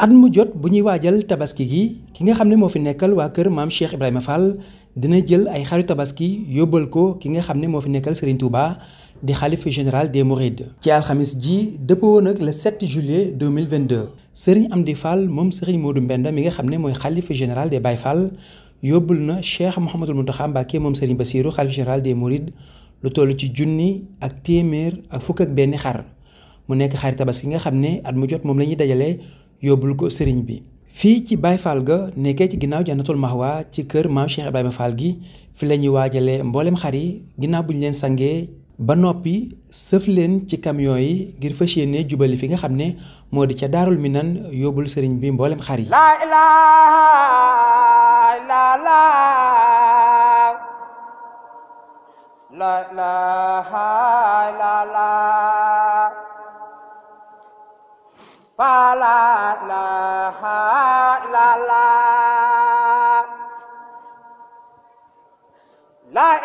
at mu jot bu ñuy waajal tabaski gi ki nga xam ne moo fi nekkal waa kër maam Cheikh Ibrahima Fall dina jël ay xaru tabaski yóbbal ko ki nga xam ne moo fi nekkal Serigne Touba di xalifa général des Mourides. ci alxamis ji dëppoo nag le 7 juillet 2022 Serigne Amdi Fall moom Serigne Modou Mbenda mi nga xam ne mooy xalifa général des Baye Fall yóbbul na Cheikh Mouhamadul Mountakha Mbacké moom Serigne Bassirou xalif général de Mourides lu toll ci junni ak téeméer ak fukk ak benn xar mu nekk xaru tabaski nga xam ne at mu jot moom la ñuy dajale. yóbbul ko sëriñ bi fii ci Baye Fall ga nekkee ci ginnaaw Jannatul Mahwa ci kër maam Cheikh Ibrahima gi fi lañuy ñuy waajalee mboolem xar yi ginnaaw bu ñu leen sangee ba noppi sëf leen ci camion yi ngir fas yéene jubali fi nga xam ne moo di ca Daarul Minan yóbbul sëriñ bi mboolem xar yi. laa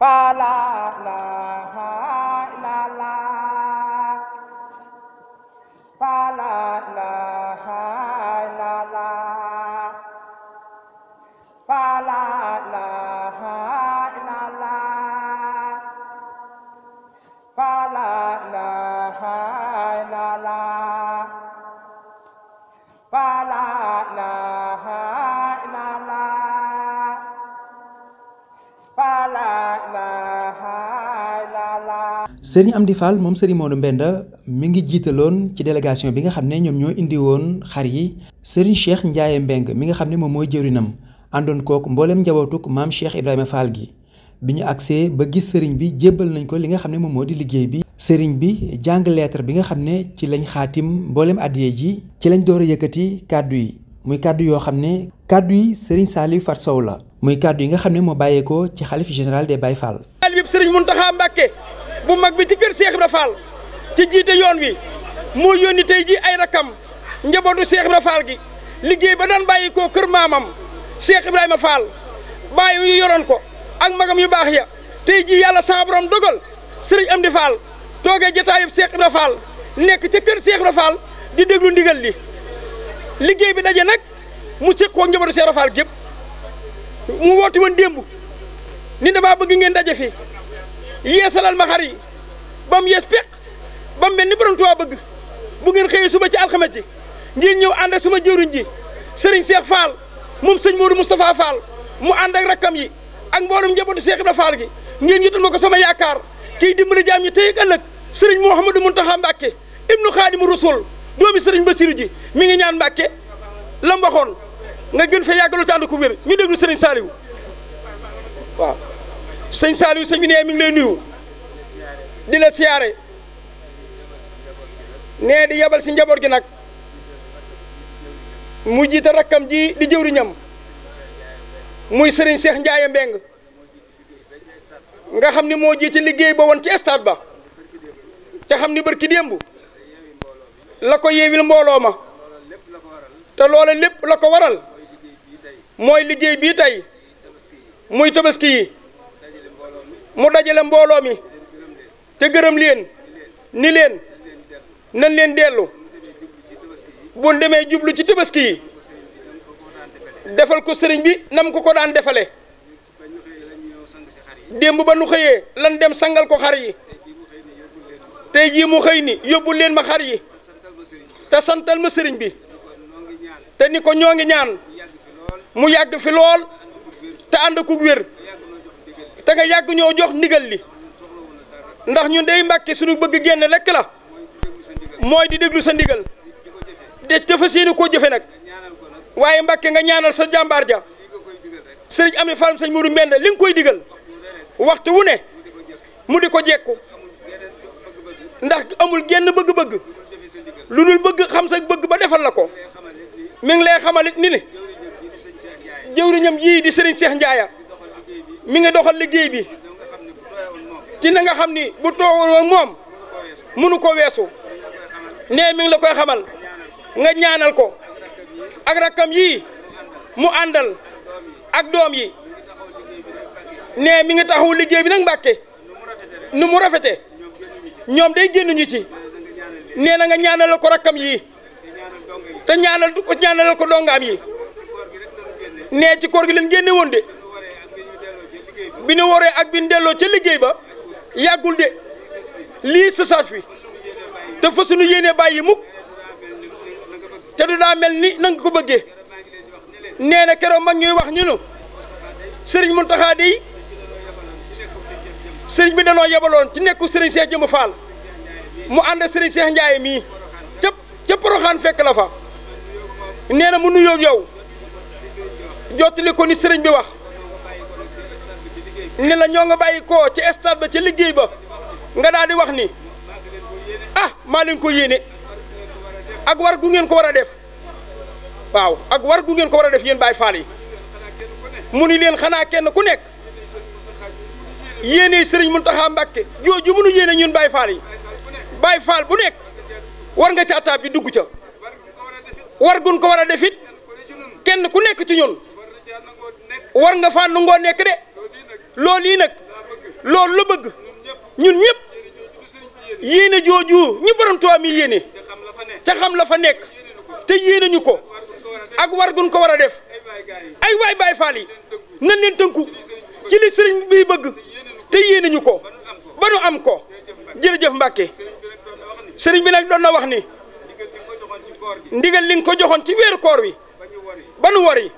fa la la sëriñ Amdi Fall moom sëriñ Modou Mbenda mi ngi jiitaloon ci délégation bi nga xam ne ñoom ñoo indi woon xar yi sëriñ Cheikh Ndiaye Mbeng mi nga xam ne moom mooy jëwrinam àndoon kook mbooleem njabootuk maam Cheikh Ibrahima faal gi bi ñu agsee ba gis sëriñ bi jébbal nañ ko li nga xam ne moom moo di liggéey bi sëriñ bi jàng lettre bi nga xam ne ci lañ xaatim mbooleem addiye ji ci lañ door a yëkkati kàddu yi muy kàddu yoo xam ne kàddu yi sëriñ Saliou Fat Sow la muy yi nga xam ne moo bàyyeekoo ci xalif général des Baye Fall. bu mag bi ci kër Cheikh Ibra Fall ci jiite yoon wi moo yónni tey ji ay rakam njabootu Cheikh Ibra Fall gi liggéey ba daan bàyyi ko kër maamam Cheikh Ibrahima Fall bay yu yoroon ko ak magam yu baax ya tey jii yàlla sama borom dogal Serigne Amdi Fall toogee jotaayub Cheikh Ibra Fall nekk ci kër Cheikh Ibra Fall di déglu ndigal li liggéey bi daje nag mu séq ko njabootu Cheikh Ibra Fall gépp mu woote woon démb ni damaa bëgg ngeen daje fi yeesalal ma xar ba mu yees peq ba mu mel ni borom Tuubaa bëgg bu ngeen xëyee suma ci alxames ji ngeen ñëw ànd ak suma jëwriñ ji Serigne Cheikh Fall moom sëñ Modou Moustapha Fall mu ànd ak rakkam yi ak mboolem njabootu Cheikh Ibra Fall gi ngeen jotal ma ko sama yaakaar kiy dimbali jaam ñi tey ak ëllëg Serigne Mouhamadou Mountakha Mbacke ibnu Xaadimu Rasul doomi Serigne Bassirou ji mi ngi ñaan Mbacke lam waxoon nga gën fee yàggalu tànd ku wér ñu déglu Serigne Saliou sëñ Saliou sëñ bi nee mi ngi lay nuyu di la siyaare nee di yebal si njaboot gi nag mu jiite rakkam ji di jëwriñam muy sëriñ Cheikh Ndiaye Mbeng nga xam ni moo jiite liggéey ba woon ci stade ba te xam ni barki démb la ko yeewil mbooloo ma te loola lépp la ko waral mooy liggéey bii tey muy tabaski yi mu dajale mbooloo mi te gërëm leen ni leen nan leen dellu bu demee jublu ci tabaski yi defal ko sëriñ bi nam ko ko daan defale démb ba nu xëyee lan dem sangal ko xar yi te jii mu xëy ni yóbbu leen ma xar yi te santal ma sëriñ bi te ni ko ñoo ngi ñaan mu yàgg fi lool te ànd ku wér te nga yàgg ñoo jox ndigal li ndax ñu day mbàkke suñu bëgg génn lekk la mooy di déglu sa ndigal de dafa séenu koo jëfe nag waaye mbàkke nga ñaanal sa jàmbaar ja sëriñ am ni faram sëñ Mourou Mbende li nga koy digal waxtu ne mu di ko jekku ndax amul genn bëgg-bëgg lu dul bëgg xam sa bëgg ba defal la ko mi ngi lay xamalit ni ne jëwriñam yii di sëriñ Cheikh Ndiaya mi ngi doxal liggéey bi ci na nga xam ni bu toowoon moom mënu ko weesu nee mi ngi la koy xamal nga ñaanal ko ak rakkam yii mu àndal ak doom yi nee mi ngi taxawu liggéey bi nag Mbàkke nu mu rafete ñoom day génnuñu ci nee na nga ñaanalal ko rakkam yii te ñaanal ko ñaanalal ko dongaam yi nee ci koor gi leen génne woon de. bi ñu waree ak bi ñu delloo ca liggéey ba yàggul de lii sësaat bi te fa suñu yéenee bàyyi mukk te du daa mel ni nanga ko bëggee nee na keroog mag ñuy wax ñu nu sëriñ Mountakha dey sëriñ bi danoo yebaloon ci nekku sëriñ Cheikh Jëmb Fall mu ànd sëriñ Cheikh Ndiaye mii ca ca Poroxaan fekk la fa nee na mu nuyoo yow jottali ni sëriñ bi wax ni la ñoo nga bàyyi ko ci stade ba ci liggéey ba nga daal di wax ni ah maa leen ko yéene ak war gu ngeen ko war a def waaw ak war ngeen ko war a def yéen Baay Faal yi mu ni leen xanaa kenn ku nekk yéene Sëriñ Muntaxa Mbàkke jooju mënu yéene ñun Baay Faal yi Baay Faal bu nekk war nga ca attaab bi dugg ca war gun ko war a defit kenn ku nekk ci ñun war nga faa nangoo nekk de lool yi nag loolu la bëgg ñun ñëpp yéene jooju ñu borom Tuubaa mi yéene ca xam la fa nekk te yéene ñu ko ak war gun ko war a def ay waay bay faal nan leen tënku ci li sëriñ bi bëgg te yéene ñu ko ba nu am ko jërëjëf Mbàkke sëriñ bi nag doon la wax ni ndigal li nga ko joxoon ci weeru koor wi ba nu wari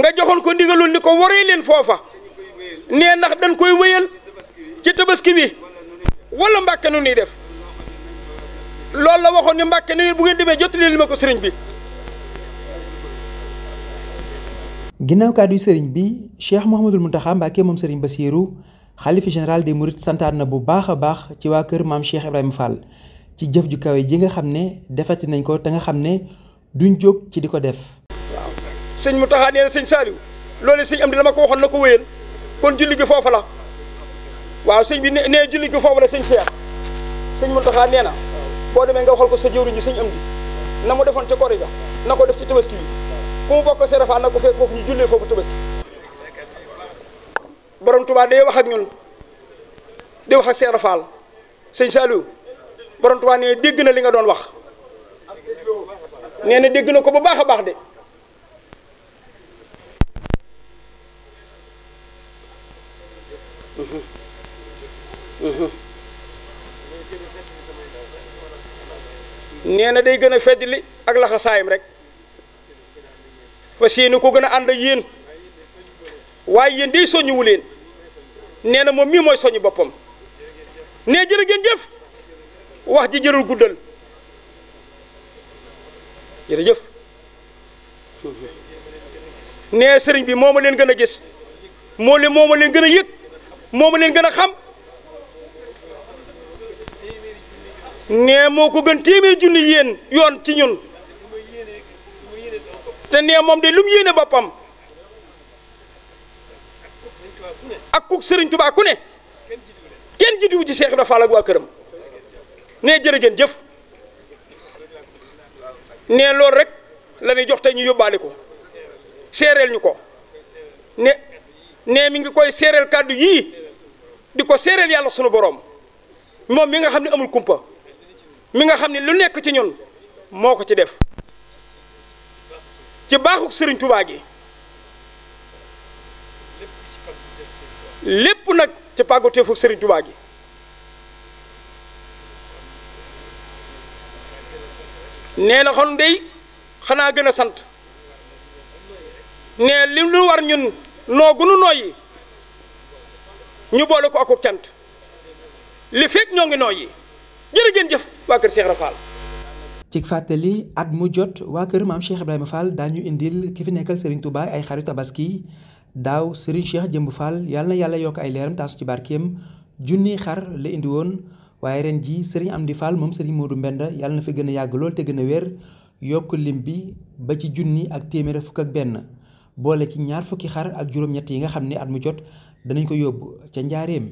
nga joxoon ko ndigalul ni ko waree leen foofa nee ndax dañ koy wéyal ci tabaski bi wala mbàkke nu ñuy def loolu la waxoon ni mbàkke ni bu ngeen demee jottali li ma ko sëriñ bi. ginnaaw kàddu sëriñ bi Cheikh Mouhamadul Mountakha Mbacké moom sëriñ Bassirou xalifa général des Mourides santaan na bu baax a baax ci waa kër maam Cheikh Ibrahima Fall ci jëf ju kawe ji nga xam ne defati nañ ko te nga xam ne duñ jóg ci di ko def. sëñ Mountakha nee na sëñ Saliou loolu sëñ am di dama ko waxoon na ko wéyal kon julli gi foofu la waaw sëñ bi nee julli gi foofu la sëñ Cheikh sëñ Mountakha nee na boo demee nga sa jëwriñ ñi sëñ am na mu defoon ca kori na ko def ci tabaski bi ku mu bokk Serapha ko fekk foofu ñu jullee borom Touba day wax ak ñun di wax ak Serapha sëñ Saliou borom Touba nee dégg na li nga doon wax nee na dégg na ko bu baax baax de. Mhm. Mhm. nee na day gën a fedd li ak laxasaayam rek fas yéene ko gën a ànd yéen waaye yéen day soññuwu leen nee moom mii mooy soññu boppam nee jërë ngeen jëf wax ji jërul guddal jërëjëf nee sëriñ bi moo ma leen gën a gis moo leen moo ma leen gën a yëg moo ma leen gën a xam nee moo ko gën téeméer junni yéen yoon ci ñun te nee moom de lu mu yéene bappam ak ku sëriñ Tuubaa ku ne kenn jiituwu ci Seex Ibra Faal waa këram nee jërë gën jëf nee loolu rek la ñuy jox te ñu yóbbaale ko seereel ñu ko ne nee mi ngi koy seereel kàddu yii di ko séeréel yàlla sunu boroom moom mi nga xam ne amul kumpa mi nga xam ne lu nekk ci ñun moo ko ci def ci baaxuk sëriñ tubaa gi lépp nag ci pàggu teefuk sëriñ tubaa gi nee na xon dey xanaa gën a sant ne li lu war ñun noo gunu nooyi ñu boole ko akuk cant li fekk ñoo ngi nooyi jërë ngeen jëf waa kër Cheikh Ibra Fall fàttali at mu jot waa kër maam Cheikh Ibrahima Fall daañu indil ki fi nekkal Serigne Touba ay xaru tabaski daaw Serigne Cheikh Jëmb Fall yàlla na yàlla yokk ay leeram taasu ci barkeem junni xar la indi woon waaye ren ji Serigne Amdi Fall moom Serigne Modou Mbenda yàlla na fi gën a yàgg lool te gën a wér yokk lim bi ba ci junni ak téeméer fukk ak benn boole ci ñaar fukki xar ak yi nga xam ne at mu jot danañ ko yóbbu ca njaareem